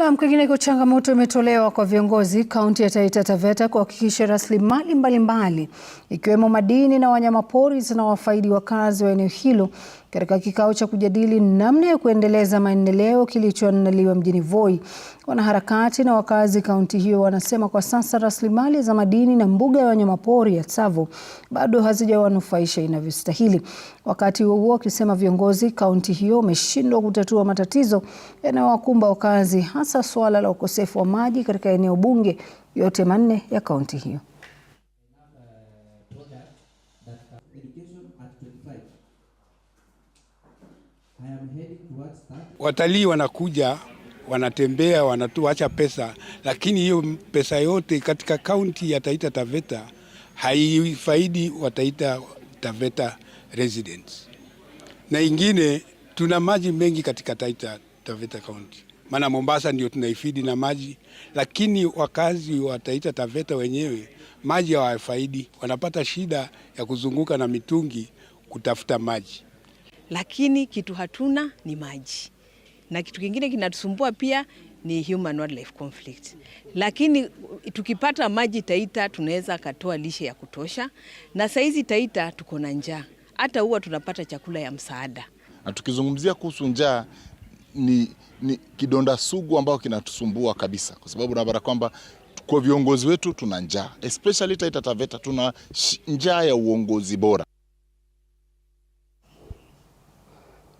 Nam, kwingineko changamoto imetolewa kwa viongozi kaunti ya Taita Taveta kuhakikisha rasilimali mbalimbali ikiwemo madini na wanyamapori zinawafaidi wakazi wa eneo hilo katika kikao cha kujadili namna ya kuendeleza maendeleo kilichoandaliwa mjini Voi. Wanaharakati na wakazi kaunti hiyo wanasema kwa sasa rasilimali za madini na mbuga ya wanyamapori ya Tsavo bado hazijawanufaisha inavyostahili. Wakati huo huo, wakisema viongozi kaunti hiyo wameshindwa kutatua matatizo yanayowakumba wakazi hasa hasa suala la ukosefu wa maji katika eneo bunge yote manne ya kaunti hiyo. Watalii wanakuja wanatembea, wanatuacha pesa, lakini hiyo pesa yote katika kaunti ya Taita Taveta haifaidi wataita Taveta residents. Na ingine, tuna maji mengi katika Taita Taveta kaunti maana Mombasa ndio tunaifidi na maji, lakini wakazi wa Taita Taveta wenyewe maji hawafaidi, wanapata shida ya kuzunguka na mitungi kutafuta maji. Lakini kitu hatuna ni maji, na kitu kingine kinatusumbua pia ni human wildlife conflict. Lakini tukipata maji Taita tunaweza katoa lishe ya kutosha, na saizi Taita tuko na njaa, hata huwa tunapata chakula ya msaada. Na tukizungumzia kuhusu njaa ni, ni kidonda sugu ambao kinatusumbua kabisa, kwa sababu napata kwamba kwa viongozi wetu tuna njaa, especially Taita Taveta tuna njaa ya uongozi bora.